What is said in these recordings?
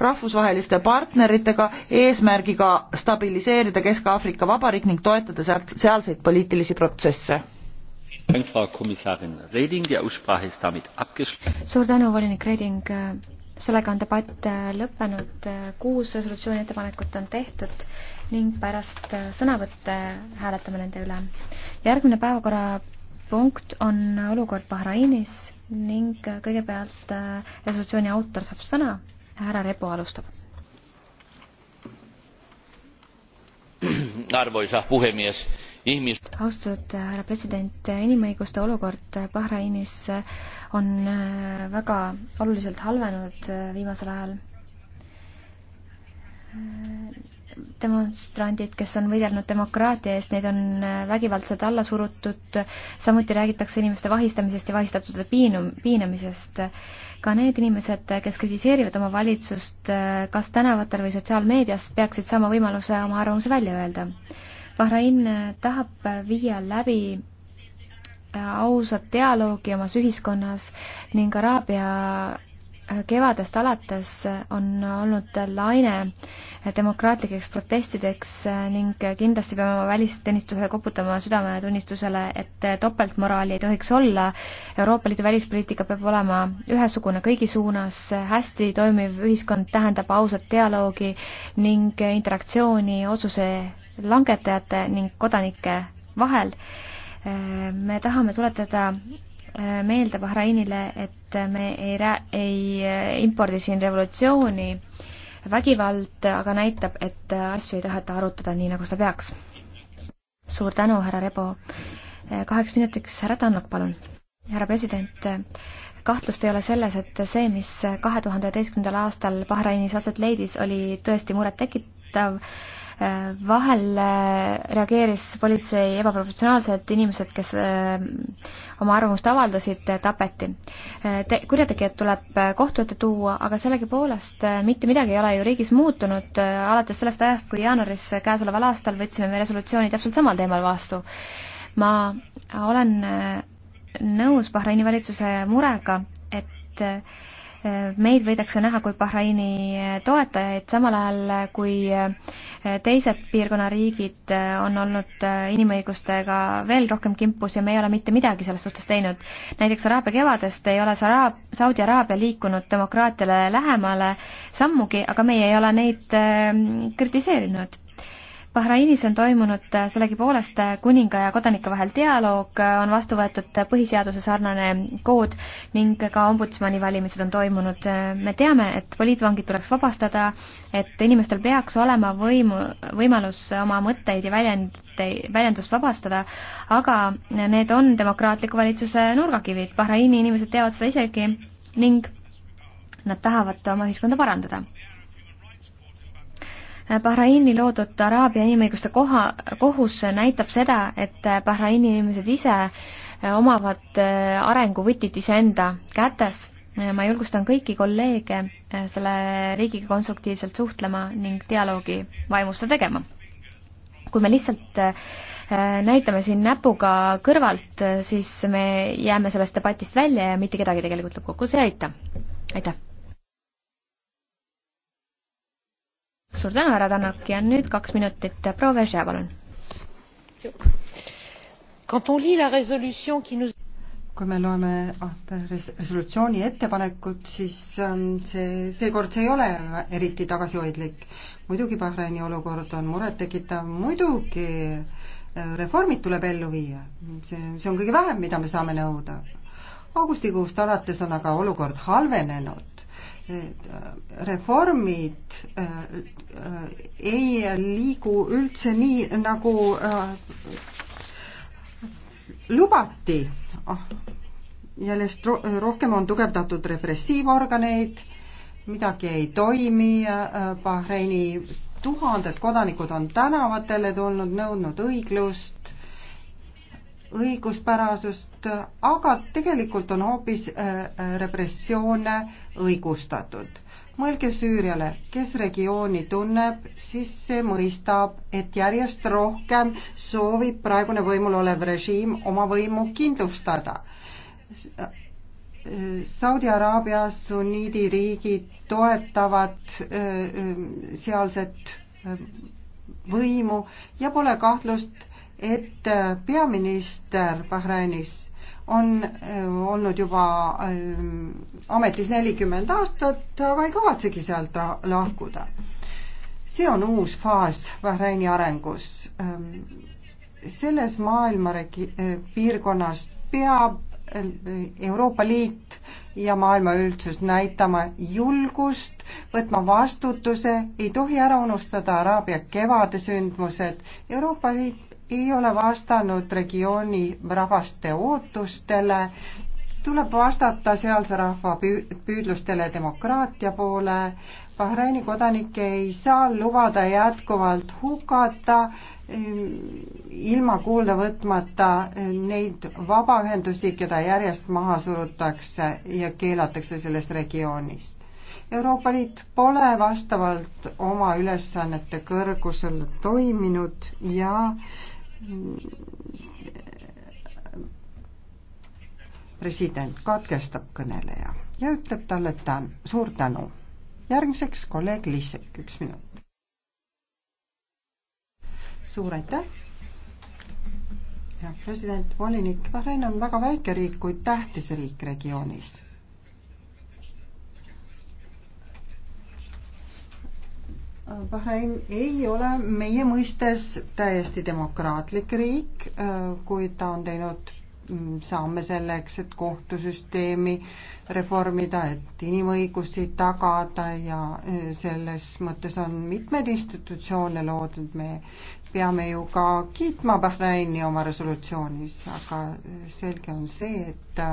rahvusvaheliste partneritega eesmärgiga stabiliseerida Kesk-Aafrika Vabariik ning toetada sealt sealseid poliitilisi protsesse. suur tänu, volinik Reding. sellega on debatt lõppenud, kuus resolutsiooni ettepanekut on tehtud ning pärast sõnavõtte hääletame nende üle. järgmine päevakorrapunkt on olukord Bahrainis ning kõigepealt resolutsiooni autor saab sõna härra Repo alustab. arvoisa puhemies, ihmis-. austatud härra president, inimõiguste olukord Bahrainis on äh, väga oluliselt halvenenud äh, viimasel ajal äh, demonstrandid, kes on võidelnud demokraatia eest, neid on äh, vägivaldselt alla surutud, samuti räägitakse inimeste vahistamisest ja vahistatute piinum-, piinamisest. ka need inimesed, äh, kes kritiseerivad oma valitsust äh, kas tänavatel või sotsiaalmeedias, peaksid saama võimaluse oma arvamuse välja öelda. Bahrain tahab viia läbi ausat dialoogi omas ühiskonnas ning Araabia kevadest alates on olnud laine demokraatlikeks protestideks ning kindlasti peame välisteenistusele koputama südametunnistusele, et topeltmoraali ei tohiks olla. Euroopa Liidu välispoliitika peab olema ühesugune kõigi suunas, hästi toimiv ühiskond tähendab ausat dialoogi ning interaktsiooni otsuse langetajate ning kodanike vahel me tahame tuletada meelde Bahrainile, et me ei rää-, ei äh, impordi siin revolutsiooni, vägivald aga näitab, et äh, asju ei taheta arutada nii, nagu seda peaks. suur tänu, härra Rebo. Äh, kaheks minutiks härra Tannok, palun. härra president, kahtlust ei ole selles, et see, mis kahe tuhande üheteistkümnendal aastal Bahrainis aset leidis, oli tõesti murettekitav vahel äh, reageeris politsei ebaprofessionaalselt, inimesed, kes äh, oma arvamust avaldasid, äh, tapeti. Te-, kurjategijad tuleb kohtu ette tuua, aga sellegipoolest mitte midagi ei ole ju riigis muutunud, alates sellest ajast, kui jaanuaris käesoleval aastal võtsime me resolutsiooni täpselt samal teemal vastu. ma olen nõus Bahraini valitsuse murega, et meid võidakse näha kui Bahraini toetajaid, samal ajal kui eh, teised piirkonna riigid eh, on olnud eh, inimõigustega veel rohkem kimpus ja me ei ole mitte midagi selles suhtes teinud. näiteks Araabia kevadest ei ole Saraab, Saudi Araabia liikunud demokraatiale lähemale sammugi, aga meie ei ole neid kritiseerinud Bahrainis on toimunud äh, sellegipoolest äh, kuninga ja kodanike vahel dialoog, äh, on vastu võetud põhiseaduse sarnane kood ning ka ombudsmani valimised on toimunud. me teame, et poliitvangid tuleks vabastada, et inimestel peaks olema võimu, võimalus oma mõtteid ja väljend, väljendust vabastada, aga need on demokraatliku valitsuse nurgakivid. Bahraini inimesed teavad seda isegi ning nad tahavad oma ühiskonda parandada Äh, Bahraini loodud Araabia inimõiguste koha, kohus näitab seda, et äh, Bahraini inimesed ise äh, omavad arenguvõtit iseenda kätes. ma julgustan kõiki kolleege selle riigiga konstruktiivselt suhtlema ning dialoogi vaimus seda tegema. kui me lihtsalt näitame siin näpuga kõrvalt, siis me jääme sellest debatist välja ja mitte kedagi tegelikult lõppkokkuvõttes ei aita. aitäh! suur tänu, härra Tanak ja nüüd kaks minutit, proua Veržea, palun. kui me loeme resolutsiooni ettepanekut, siis ähm, see, seekord see ei ole eriti tagasihoidlik. muidugi Bahraini olukord on murettekitav, muidugi äh, reformid tuleb ellu viia, see, see on kõige vähem, mida me saame nõuda. augustikuust alates on aga olukord halvenenud Äh, reformid äh, äh, ei liigu üldse nii, nagu lubati. Ah, järjest rohkem on tugevdatud repressiivorganeid, midagi ei toimi, Bahreini tuhanded kodanikud on tänavatele tulnud, nõudnud õiglust, õiguspärasust, aga tegelikult on hoopis äh, äh, repressioone õigustatud. mõelge Süüriale, kes regiooni tunneb, siis see mõistab, et järjest rohkem soovib praegune võimul olev režiim oma võimu kindlustada. Äh, Saudi Araabia sunniidi riigid toetavad sealset võimu ja pole kahtlust, et äh, peaminister Bahrainis on äh, olnud juba äh, ametis nelikümmend aastat, aga ei kavatsegi sealt lahkuda. see on uus faas Bahraini arengus. Ähm, selles maailma regi-, piirkonnas peab Euroopa Liit ja maailma üldsus näitama julgust, võtma vastutuse, ei tohi ära unustada Araabia kevade sündmused. Euroopa Liit ei ole vastanud regiooni rahvaste ootustele, tuleb vastata sealse rahva püüdlustele demokraatia poole. Bahreini kodanikke ei saa lubada jätkuvalt hukata ehm, ilma kuulda võtmata neid vabaühendusi, keda järjest maha surutakse ja keelatakse sellest regioonist. Euroopa Liit pole vastavalt oma ülesannete kõrgusel toiminud ja äh, president katkestab kõneleja ja ütleb talle tän-, suur tänu. järgmiseks kolleeg Lissek, üks minut. suur aitäh. jah, president, volinik, Bahrein on väga väike riik, kuid tähtis riik regioonis Bahrein ei ole meie mõistes täiesti demokraatlik riik, kuid ta on teinud mm, samme selleks, et kohtusüsteemi reformida, et inimõigusi tagada ja e, selles mõttes on mitmeid institutsioone loodud, me peame ju ka kiitma Bahreini oma resolutsioonis, aga selge on see, et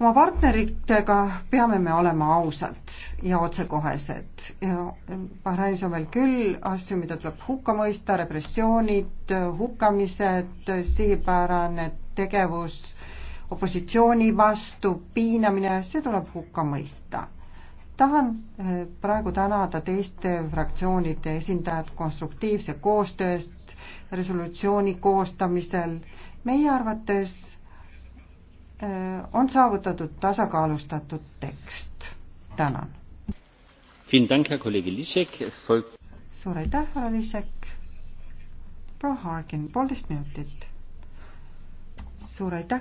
oma partneritega peame me olema ausad ja otsekohesed. Bahrainis on veel küll asju, mida tuleb hukka mõista, repressioonid, hukkamised, sihipärane tegevus opositsiooni vastu, piinamine, see tuleb hukka mõista. tahan eh, praegu tänada teiste fraktsioonide esindajad konstruktiivse koostöö eest resolutsiooni koostamisel. meie arvates Äh, on saavutatud tasakaalustatud tekst. tänan. suur aitäh, härra Liisek. proua Harkin, poolteist minutit. suur aitäh,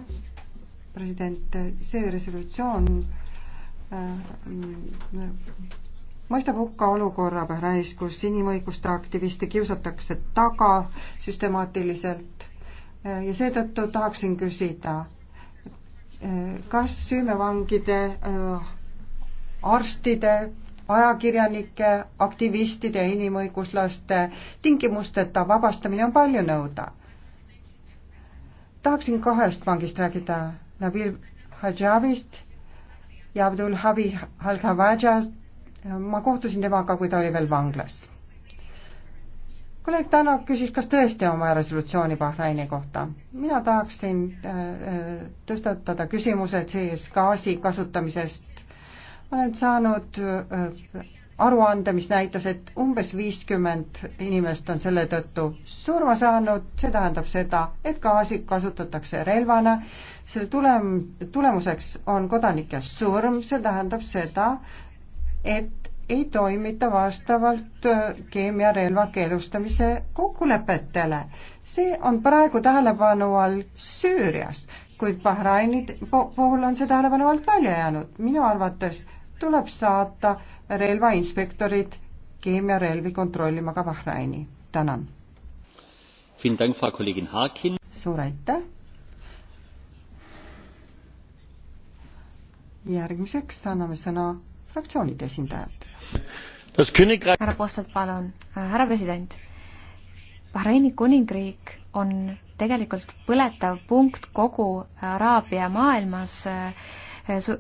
president, see resolutsioon äh, mõistab hukka olukorra Bahrais, kus inimõiguste aktiviste kiusatakse taga süstemaatiliselt äh, ja seetõttu tahaksin küsida, kas süümevangide, äh, arstide, ajakirjanike, aktivistide ja inimõiguslaste tingimusteta vabastamine on palju nõuda. tahaksin kahest vangist rääkida, Nabil Hadžavist ja Abdul Habi Al-Khawajast. ma kohtusin temaga, kui ta oli veel vanglas kolleeg Tanak küsis, kas tõesti on vaja resolutsiooni Bahraini kohta. mina tahaksin äh, äh, tõstatada küsimuse sees gaasi kasutamisest. ma olen saanud äh, aruande, mis näitas, et umbes viiskümmend inimest on selle tõttu surma saanud, see tähendab seda, et gaasi kasutatakse relvana, selle tulem, tulemuseks on kodanike surm, see tähendab seda, et ei toimita vastavalt äh, keemiarelva keelustamise kokkulepetele. see on praegu tähelepanu all Süürias, kuid Bahraini puhul on see tähelepanu alt välja jäänud. minu arvates tuleb saata relvainspektorid keemiarelvi kontrollima ka Bahraini. tänan. suur aitäh. järgmiseks anname sõna fraktsioonide esindajalt härra Postel, palun. Äh, härra president, Bahreini kuningriik on tegelikult põletav punkt kogu Araabia maailmas äh, äh, su-,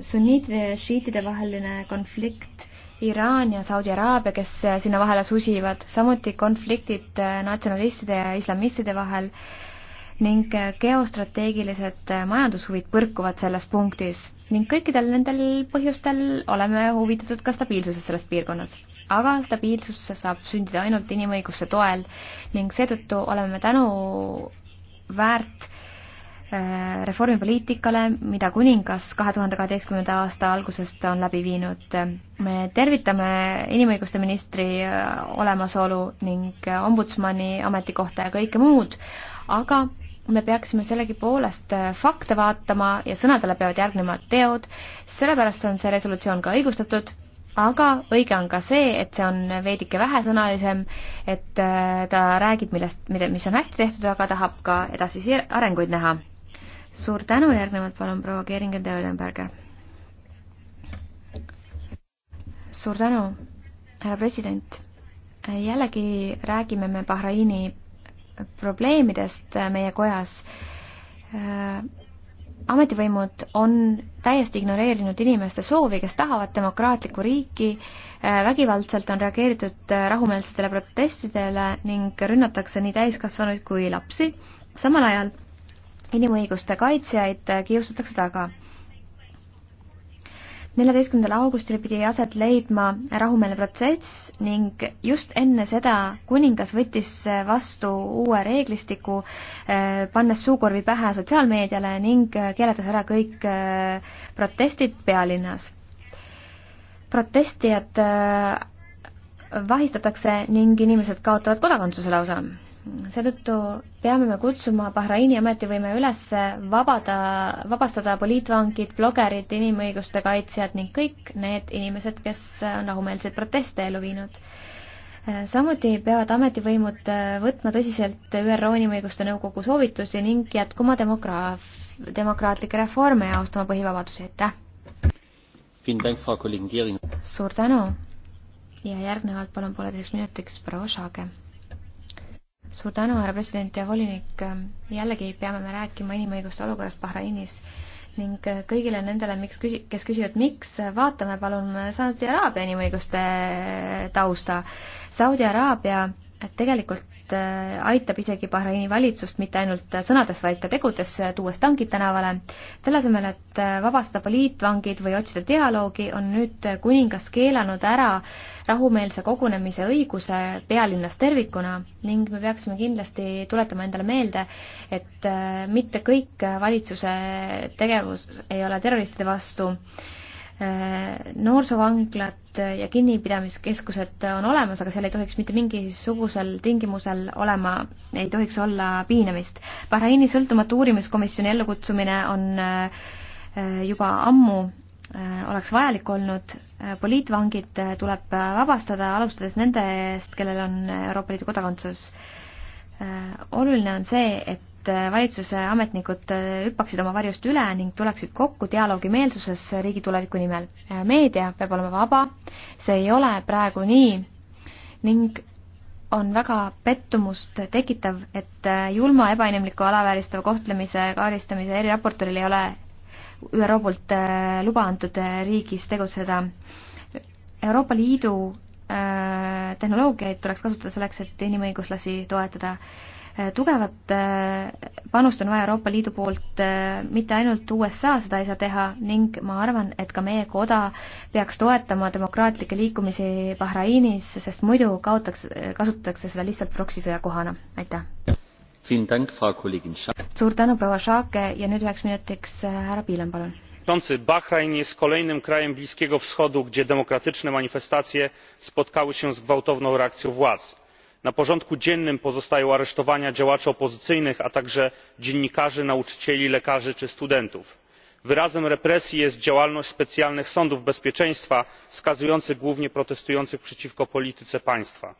sunniitide ja šiitide vaheline konflikt, Iraan ja Saudi Araabia, kes sinna vahele susivad, samuti konfliktid natsionalistide ja islamistide vahel ning geostrateegilised majandushuvid põrkuvad selles punktis ning kõikidel nendel põhjustel oleme huvitatud ka stabiilsusest selles piirkonnas. aga stabiilsus saab sündida ainult inimõiguste toel ning seetõttu oleme tänu väärt äh, reformipoliitikale, mida kuningas kahe tuhande kaheteistkümnenda aasta algusest on läbi viinud. me tervitame inimõiguste ministri äh, olemasolu ning äh, ombudsmani ametikohta ja kõike muud, aga me peaksime sellegipoolest äh, fakte vaatama ja sõnadele peavad järgnema teod, sellepärast on see resolutsioon ka õigustatud, aga õige on ka see, et see on veidike vähesõnalisem, et äh, ta räägib millest, mida, mis on hästi tehtud, aga tahab ka edasisi arenguid näha. suur tänu, järgnevalt palun proua Keringen-Töödenberger. suur tänu, härra president. jällegi räägime me Bahraini probleemidest äh, meie kojas. Äh, ametivõimud on täiesti ignoreerinud inimeste soovi, kes tahavad demokraatlikku riiki, äh, vägivaldselt on reageeritud rahumeelsetele protestidele ning rünnatakse nii täiskasvanuid kui lapsi, samal ajal inimõiguste kaitsjaid kiusatakse taga neljateistkümnendal augustil pidi aset leidma rahumeelne protsess ning just enne seda kuningas võttis vastu uue reeglistiku, eh, pannes suukorvi pähe sotsiaalmeediale ning eh, keelates ära kõik eh, protestid pealinnas. protestijad vahistatakse ning inimesed kaotavad kodakondsuse lausa seetõttu peame me kutsuma Bahraini ametivõime üles vabada, vabastada poliitvangid, blogerid, inimõiguste kaitsjad ning kõik need inimesed, kes on rahumeelseid proteste ellu viinud. samuti peavad ametivõimud võtma tõsiselt ÜRO Inimõiguste Nõukogu soovitusi ning jätkuma demograaf, demokraatlikke reforme ja austama põhivabadusi, aitäh! suur tänu ja järgnevalt palun pooleteiseks minutiks proua Šaage suur tänu, härra president ja volinik. jällegi peame me rääkima inimõiguste olukorrast Bahrainis ning kõigile nendele, miks küsi-, kes küsivad, miks, vaatame palun Saudi Araabia inimõiguste tausta. Saudi Araabia tegelikult Äh, aitab isegi Bahraini valitsust mitte ainult sõnades, vaid ka tegudes, äh, tuues tankid tänavale. selle asemel, et äh, vabastada poliitvangid või otsida dialoogi, on nüüd kuningas keelanud ära rahumeelse kogunemise õiguse pealinnas tervikuna ning me peaksime kindlasti tuletama endale meelde, et mitte kõik valitsuse tegevus ei ole terroristide vastu noorsoovanglad ja kinnipidamiskeskused on olemas, aga seal ei tohiks mitte mingisugusel tingimusel olema, ei tohiks olla piinamist. Bahraini sõltumatu uurimiskomisjoni ellukutsumine on äh, juba ammu äh, oleks vajalik olnud, äh, poliitvangid tuleb vabastada, alustades nendest, kellel on Euroopa Liidu kodakondsus. oluline on see, et et äh, valitsuse ametnikud äh, hüppaksid oma varjust üle ning tuleksid kokku dialoogi meelsuses riigi tuleviku nimel. Äh, meedia peab olema vaba, see ei ole praegu nii ning on väga pettumust tekitav, et julma, ebainimliku, alavääristava kohtlemise kaaristamise eriraportoril ei ole ÜRO poolt luba antud riigis tegutseda. Euroopa Liidu tehnoloogiaid tuleks kasutada selleks, et inimõiguslasi toetada Eh, tugevat eh, panust on vaja Euroopa Liidu poolt eh, mitte ainult USA seda ei saa teha ning ma arvan, et ka meie koda peaks toetama demokraatlikke liikumisi Bahrainis, sest muidu kaotaks, kasutatakse seda lihtsalt proksisõja kohana. aitäh! suur tänu, proua Šaake ja nüüd üheks minutiks härra Piilan, palun! bahrain jest kolejnym krajem bliskiego wschodu gdzie demokratyczne manifestacje spotkały się z gwałtowną reakcją władz na porządku dziennym pozostają aresztowania działaczy opozycyjnych a także dziennikarzy nauczycieli lekarzy czy studentów. wyrazem represji jest działalność specjalnych sądów bezpieczeństwa skazujących głównie protestujących przeciwko polityce państwa.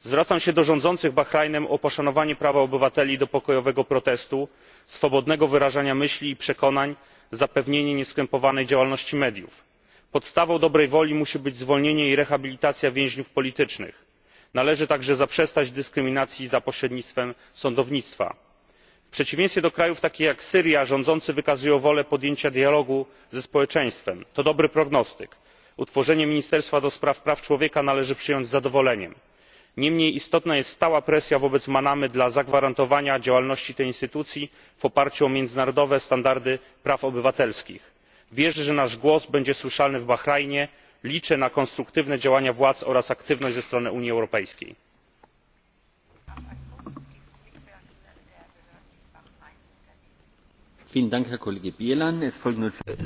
zwracam się do rządzących bahrajnem o poszanowanie prawa obywateli do pokojowego protestu swobodnego wyrażania myśli i przekonań zapewnienie nieskrępowanej działalności mediów. podstawą dobrej woli musi być zwolnienie i rehabilitacja więźniów politycznych należy także zaprzestać dyskryminacji za pośrednictwem sądownictwa. w przeciwieństwie do krajów takich jak syria rządzący wykazują wolę podjęcia dialogu ze społeczeństwem to dobry prognostyk. utworzenie ministerstwa do spraw praw człowieka należy przyjąć z zadowoleniem. niemniej istotna jest stała presja wobec manamy dla zagwarantowania działalności tej instytucji w oparciu o międzynarodowe standardy praw obywatelskich. wierzę że nasz głos będzie słyszalny w bahrajnie liczę na konstruktywne działania władz oraz aktywność ze strony unii europejskiej.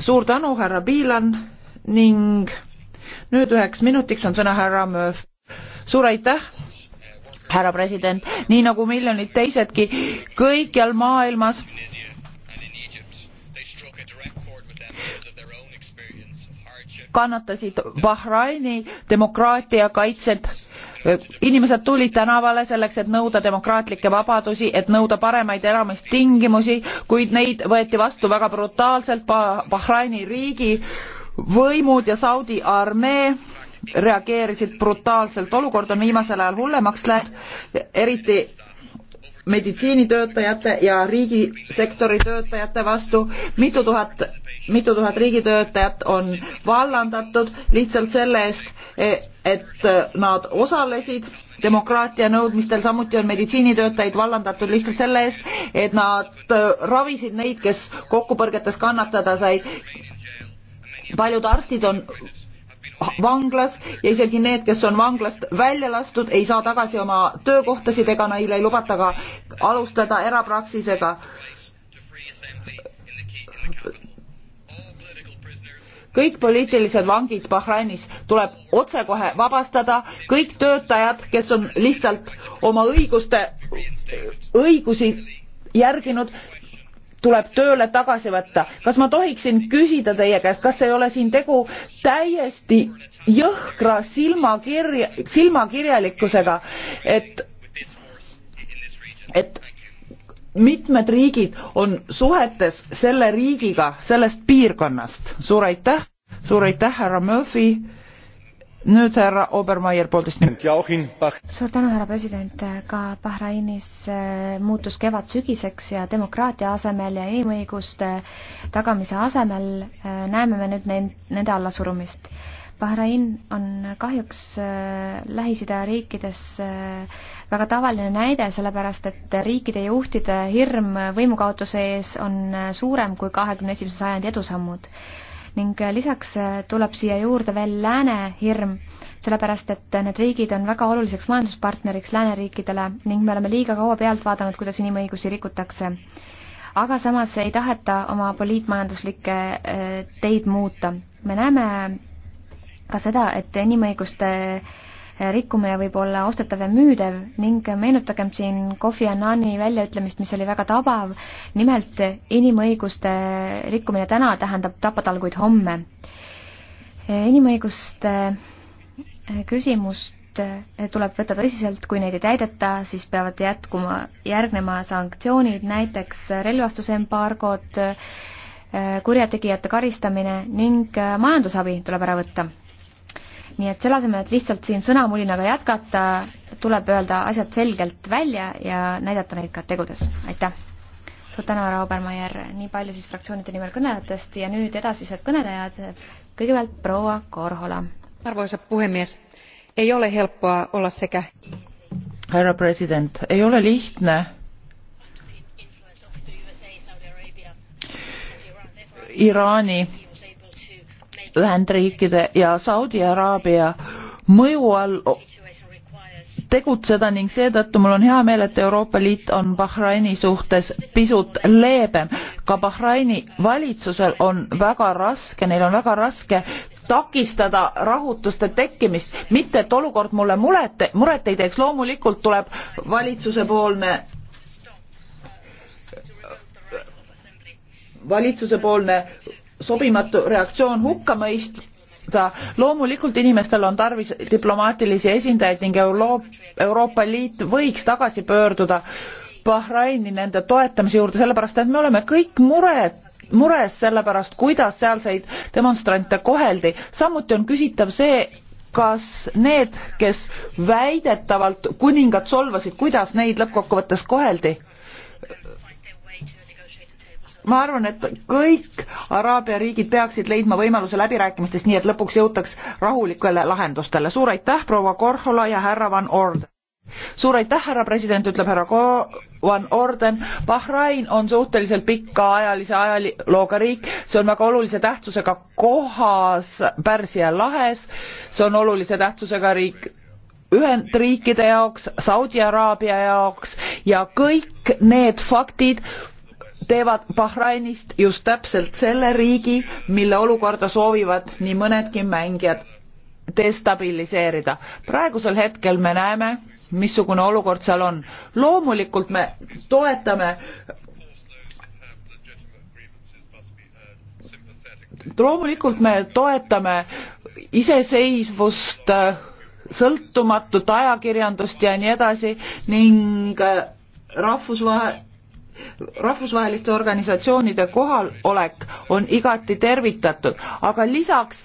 suur tänu härra Bilan ning nüüd üheks minutiks on sõna härra Mööf. suur aitäh, härra president, nii nagu miljonid teisedki kõikjal maailmas kannatasid Bahraini demokraatia kaitset. inimesed tulid tänavale selleks, et nõuda demokraatlikke vabadusi, et nõuda paremaid elamistingimusi, kuid neid võeti vastu väga brutaalselt Bahraini riigi võimud ja Saudi armee reageerisid brutaalselt, olukord on viimasel ajal hullemaks läinud, eriti meditsiinitöötajate ja riigisektori töötajate vastu. mitu tuhat, mitu tuhat riigitöötajat on vallandatud lihtsalt selle eest, e, et nad osalesid demokraatia nõudmistel, samuti on meditsiinitöötajaid vallandatud lihtsalt selle eest, et nad ravisid neid, kes kokkupõrgetes kannatada said. paljud arstid on vanglas ja isegi need, kes on vanglast välja lastud, ei saa tagasi oma töökohtasid ega neile ei lubata ka alustada erapraksisega. kõik poliitilised vangid Bahrainis tuleb otsekohe vabastada, kõik töötajad, kes on lihtsalt oma õiguste, õigusi järginud tuleb tööle tagasi võtta. kas ma tohiksin küsida teie käest, kas ei ole siin tegu täiesti jõhkra silmakirja, silmakirjalikkusega, et, et mitmed riigid on suhetes selle riigiga sellest piirkonnast. suur aitäh, suur aitäh, härra Murphy nüüd härra Obermeier poolteist minutit. suur tänu, härra president, ka Bahrainis äh, muutus kevad sügiseks ja demokraatia asemel ja inimõiguste tagamise asemel äh, näeme me nüüd nende allasurumist. Bahrain on kahjuks äh, Lähis-Ida riikides väga tavaline näide, sellepärast et riikide juhtide hirm võimukaotuse ees on suurem kui kahekümne esimese sajandi edusammud ning äh, lisaks äh, tuleb siia juurde veel lääne hirm, sellepärast et äh, need riigid on väga oluliseks majanduspartneriks lääneriikidele ning me oleme liiga kaua pealt vaadanud, kuidas inimõigusi rikutakse. aga samas ei taheta oma poliitmajanduslikke teid muuta. me näeme ka seda, et inimõiguste äh, rikkumine võib olla ostetav ja müüdav ning meenutagem siin Kofi Annani väljaütlemist, mis oli väga tabav. nimelt inimõiguste rikkumine täna tähendab tapatalguid homme. inimõiguste küsimust tuleb võtta tõsiselt, kui neid ei täideta, siis peavad jätkuma, järgnema sanktsioonid, näiteks relvastusembargod, kurjategijate karistamine ning majandusabi tuleb ära võtta nii et selle asemel, et lihtsalt siin sõnamulinaga jätkata, tuleb öelda asjad selgelt välja ja näidata neid ka tegudes, aitäh! suur tänu, härra Obermeier, nii palju siis fraktsioonide nimel kõnelejatest ja nüüd edasised kõnelejad, kõigepealt proua Korhola. arvoisa puhemees, ei ole helpoa olla sekä härra president, ei ole lihtne Iraani Ühendriikide ja Saudi Araabia mõju all tegutseda ning seetõttu mul on hea meel, et Euroopa Liit on Bahraini suhtes pisut leebem. ka Bahraini valitsusel on väga raske, neil on väga raske takistada rahutuste tekkimist, mitte et olukord mulle mulet, muret ei teeks, loomulikult tuleb valitsusepoolne valitsusepoolne sobimatu reaktsioon hukka mõista loomulikult inimestel on tarvis diplomaatilisi esindajaid ning Euroop, Euroopa Liit võiks tagasi pöörduda Bahraini nende toetamise juurde, sellepärast et me oleme kõik mured, mures sellepärast, kuidas sealseid demonstrante koheldi. samuti on küsitav see, kas need, kes väidetavalt kuningat solvasid, kuidas neid lõppkokkuvõttes koheldi? ma arvan, et kõik Araabia riigid peaksid leidma võimaluse läbirääkimistest, nii et lõpuks jõutaks rahulikele lahendustele. suur aitäh, proua Korhola ja härra Van Orden. suur aitäh, härra president, ütleb härra Ko-, Van Orden. Bahrain on suhteliselt pikaajalise ajalooga riik, see on väga olulise tähtsusega kohas Pärsia lahes, see on olulise tähtsusega riik Ühendriikide jaoks, Saudi Araabia jaoks ja kõik need faktid teevad Bahrainist just täpselt selle riigi, mille olukorda soovivad nii mõnedki mängijad destabiliseerida. praegusel hetkel me näeme, missugune olukord seal on. loomulikult me toetame loomulikult me toetame iseseisvust, sõltumatut ajakirjandust ja nii edasi ning rahvusvahe-, rahvusvaheliste organisatsioonide kohalolek on igati tervitatud, aga lisaks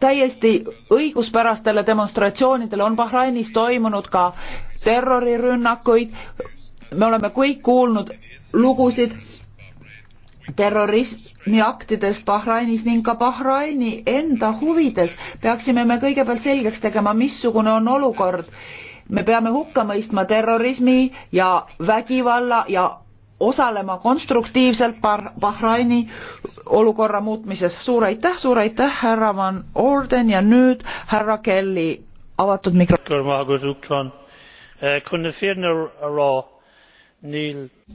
täiesti õiguspärastele demonstratsioonidele on Bahrainis toimunud ka terrorirünnakuid. me oleme kõik kuulnud lugusid terrorismiaktidest Bahrainis ning ka Bahraini enda huvides peaksime me kõigepealt selgeks tegema, missugune on olukord. me peame hukka mõistma terrorismi ja vägivalla ja osalema konstruktiivselt Bahraini olukorra muutmises. suur aitäh, suur aitäh, härra Van Orden ja nüüd härra Kelly, avatud mikrofon. Eh,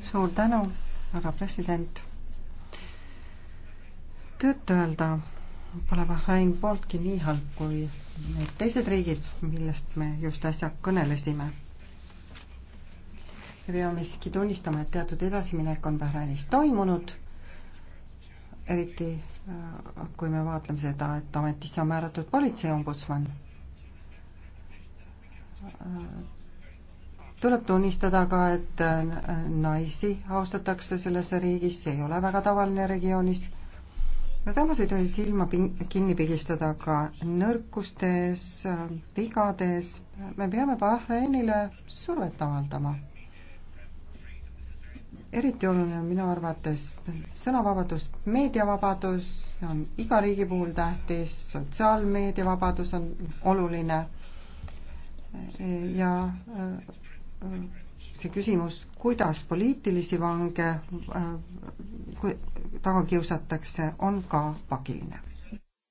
suur tänu, härra president. tõtt öelda pole Bahrain pooltki nii halb kui need teised riigid, millest me just äsja kõnelesime me peame siiski tunnistama, et teatud edasiminek on Bahrainis toimunud, eriti äh, kui me vaatleme seda, et ametisse on määratud politseiombudsman. Äh, tuleb tunnistada ka, et äh, naisi austatakse selles riigis, see ei ole väga tavaline regioonis ja samas ei tohi silma kinni pigistada ka nõrkustes, vigades, me peame Bahreinile survet avaldama eriti oluline minu arvates sõnavabadus, meediavabadus on iga riigi puhul tähtis, sotsiaalmeediavabadus on oluline ja see küsimus, kuidas poliitilisi vange taga kiusatakse, on ka pakiline.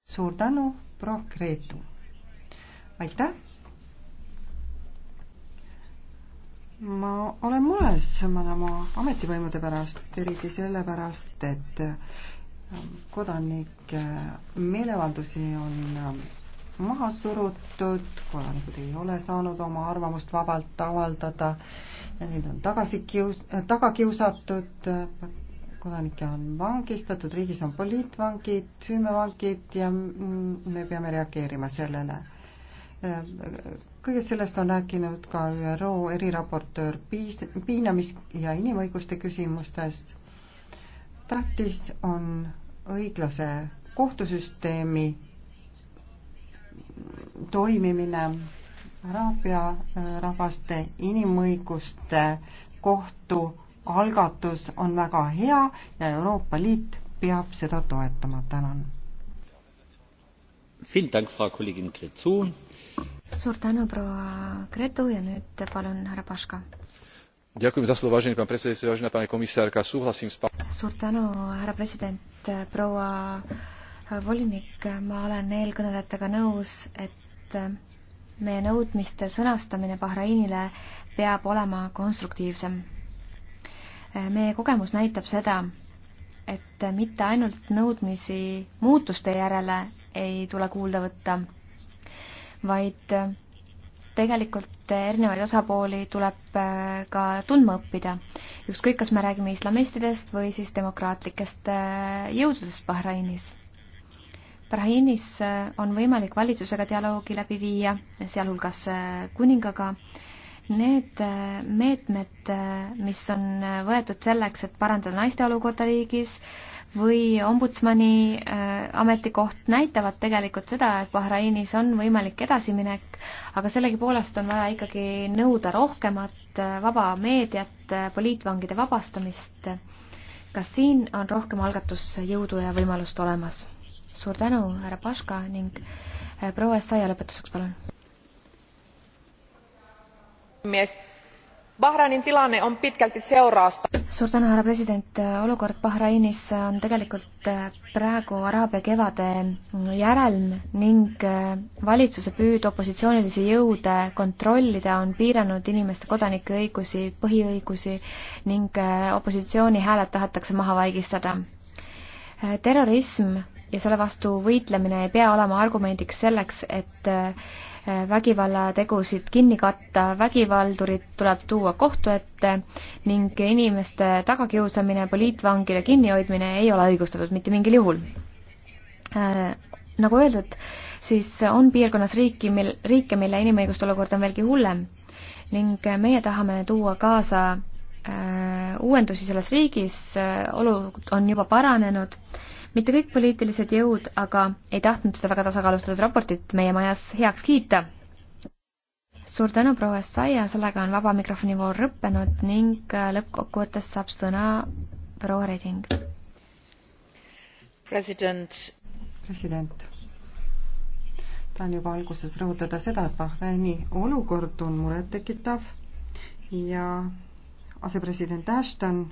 suur tänu, proua Gretu! aitäh! ma olen mures Manama ametivõimude pärast, eriti sellepärast, et ähm, kodanike meeleavaldusi on ähm, maha surutud, kodanikud ei ole saanud oma arvamust vabalt avaldada, neid on tagasi kius-, taga kiusatud, kodanikke on vangistatud, riigis on poliitvangid, süümevangid ja me peame reageerima sellele äh, kõigest sellest on rääkinud ka ÜRO eriraportöör piis-, piinamis- ja inimõiguste küsimustest. tähtis on õiglase kohtusüsteemi toimimine, araabia äh, rahvaste inimõiguste kohtu algatus on väga hea ja Euroopa Liit peab seda toetama, tänan suur tänu, proua Gretu ja nüüd palun härra Paška. suur tänu, härra president, proua volinik, ma olen eelkõnelejatega nõus, et meie nõudmiste sõnastamine Bahrainile peab olema konstruktiivsem. meie kogemus näitab seda, et mitte ainult nõudmisi muutuste järele ei tule kuulda võtta vaid äh, tegelikult erinevaid osapooli tuleb äh, ka tundma õppida. ükskõik, kas me räägime islamistidest või siis demokraatlikest äh, jõududest Bahrainis. Bahrainis on võimalik valitsusega dialoogi läbi viia, sealhulgas kuningaga. Need meetmed, mis on võetud selleks, et parandada naiste olukorda riigis, või ombudsmani äh, ametikoht näitavad tegelikult seda, et Bahrainis on võimalik edasiminek, aga sellegipoolest on vaja ikkagi nõuda rohkemat äh, vaba meediat, äh, poliitvangide vabastamist. kas siin on rohkem algatusjõudu ja võimalust olemas? suur tänu, härra Paška ning proua Essaia lõpetuseks, palun. mees bahrainin tilanne on pitkälti seurausta. suur tänu härra president olukord bahrainis on tegelikult äh, praegu araabia kevade mm, järelm ning äh, valitsuse püüd opositsioonilisi jõude kontrollida on piiranud inimeste kodanike õigusi põhiõigusi ning äh, opositsiooni hääled tahetakse maha vaigistada terrorism ja selle vastu võitlemine ei pea olema argumendiks selleks et vägivallategusid kinni katta, vägivaldurid tuleb tuua kohtu ette ning inimeste tagakiusamine, poliitvangide kinnihoidmine ei ole õigustatud mitte mingil juhul. Äh, nagu öeldud, siis on piirkonnas riiki, mil, riike, mille inimõiguste olukord on veelgi hullem ning meie tahame tuua kaasa äh, uuendusi selles riigis, äh, olukord on juba paranenud mitte kõik poliitilised jõud aga ei tahtnud seda väga tasakaalustatud raportit meie majas heaks kiita. suur tänu, proua Saia, sellega on vaba mikrofoni voor lõppenud ning äh, lõppkokkuvõttes saab sõna proua Reding. president. president. tahan juba alguses rõhutada seda, et Bahreini olukord on murettekitav ja asepresident Ashton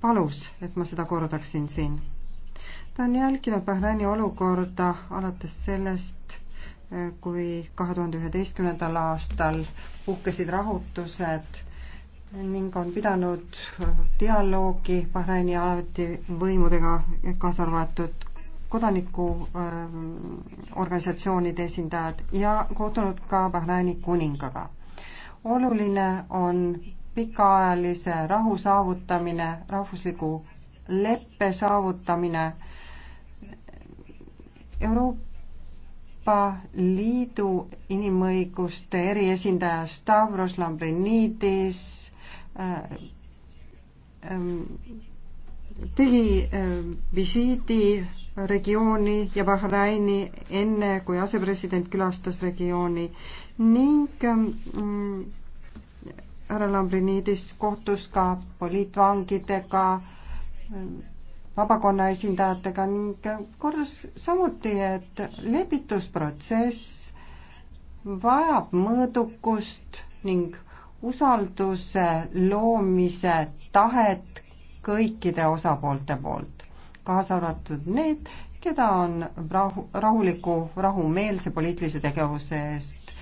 palus, et ma seda kordaksin siin olen jälginud Bahraini olukorda alates sellest, eh, kui kahe tuhande üheteistkümnendal aastal puhkesid rahutused ning on pidanud eh, dialoogi Bahraini ametivõimudega, kaasa arvatud kodanikuorganisatsioonide eh, esindajad ja kohtunud ka Bahraini kuningaga. oluline on pikaajalise rahu saavutamine, rahvusliku leppe saavutamine Euroopa Liidu inimõiguste eriesindaja Stavros Lambrinidis äh, ähm, tegi äh, visiidi regiooni ja Bahraini enne, kui asepresident külastas regiooni ning ähm, härra Lambrinidis kohtus ka poliitvangidega ähm, vabakonna esindajatega ning kordas samuti, et lepitusprotsess vajab mõõdukust ning usalduse loomise tahet kõikide osapoolte poolt, kaasa arvatud need, keda on rahu, rahuliku, rahumeelse poliitilise tegevuse eest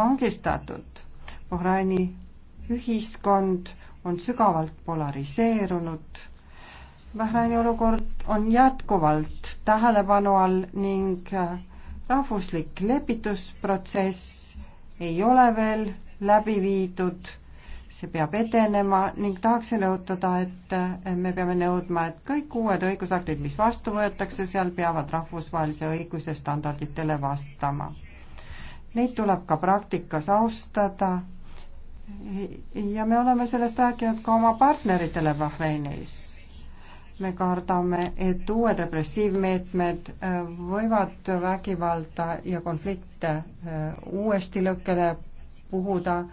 vangistatud. Bahraini ühiskond on sügavalt polariseerunud Bahraini olukord on jätkuvalt tähelepanu all ning äh, rahvuslik lepitusprotsess ei ole veel läbi viidud, see peab edenema ning tahaksin rõhutada, et äh, me peame nõudma, et kõik uued õigusaktid, mis vastu võetakse, seal peavad rahvusvahelise õiguse standarditele vastama. Neid tuleb ka praktikas austada ja me oleme sellest rääkinud ka oma partneritele Bahreinis me kardame, et uued repressiivmeetmed äh, võivad vägivalda ja konflikte äh, uuesti lõkkele puhuda. Äh,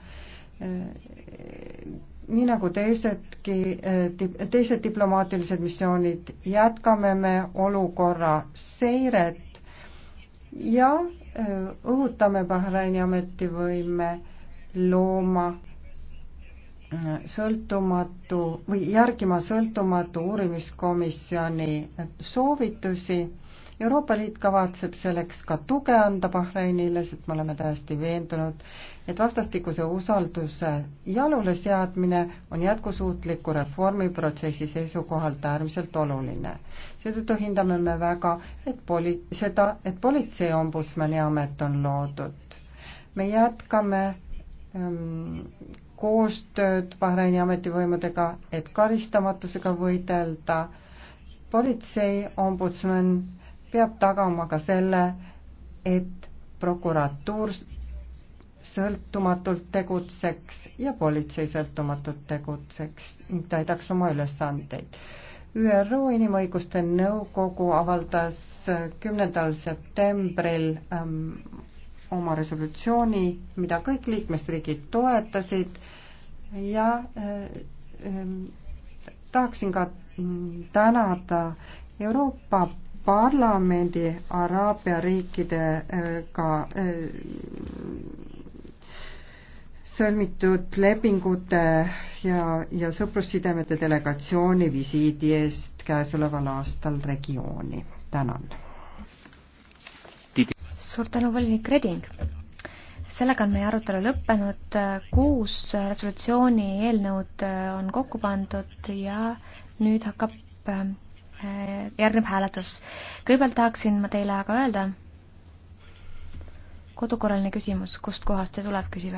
nii nagu teisedki, teised diplomaatilised missioonid, jätkame me olukorra seiret ja õhutame Bahraini ametivõime looma sõltumatu või järgima sõltumatu uurimiskomisjoni soovitusi. Euroopa Liit kavatseb selleks ka tuge anda Bahreinile, sest me oleme täiesti veendunud, et vastastikuse usalduse jaluleseadmine on jätkusuutliku reformiprotsessi seisukohalt äärmiselt oluline. seetõttu hindame me väga, et poli-, seda, et politseiombudsmani amet on loodud. me jätkame Ehm, koostööd Bahreini ametivõimudega, et karistamatusega võidelda. politsei ombudsman peab tagama ka selle, et prokuratuur sõltumatult tegutseks ja politsei sõltumatult tegutseks ning täidaks oma ülesandeid. ÜRO Inimõiguste Nõukogu avaldas kümnendal septembril ähm, oma resolutsiooni, mida kõik liikmesriigid toetasid ja eh, eh, tahaksin ka tänada Euroopa Parlamendi Araabia riikidega eh, sõlmitud lepingute ja, ja sõprussidemete delegatsiooni visiidi eest käesoleval aastal regiooni. tänan suur tänu, volinik Reding. sellega on meie arutelu lõppenud, kuus resolutsiooni eelnõud äh, on kokku pandud ja nüüd hakkab, äh, järgneb hääletus. kõigepealt tahaksin ma teile aga öelda, kodukorraline küsimus, kust kohast see tuleb, küsib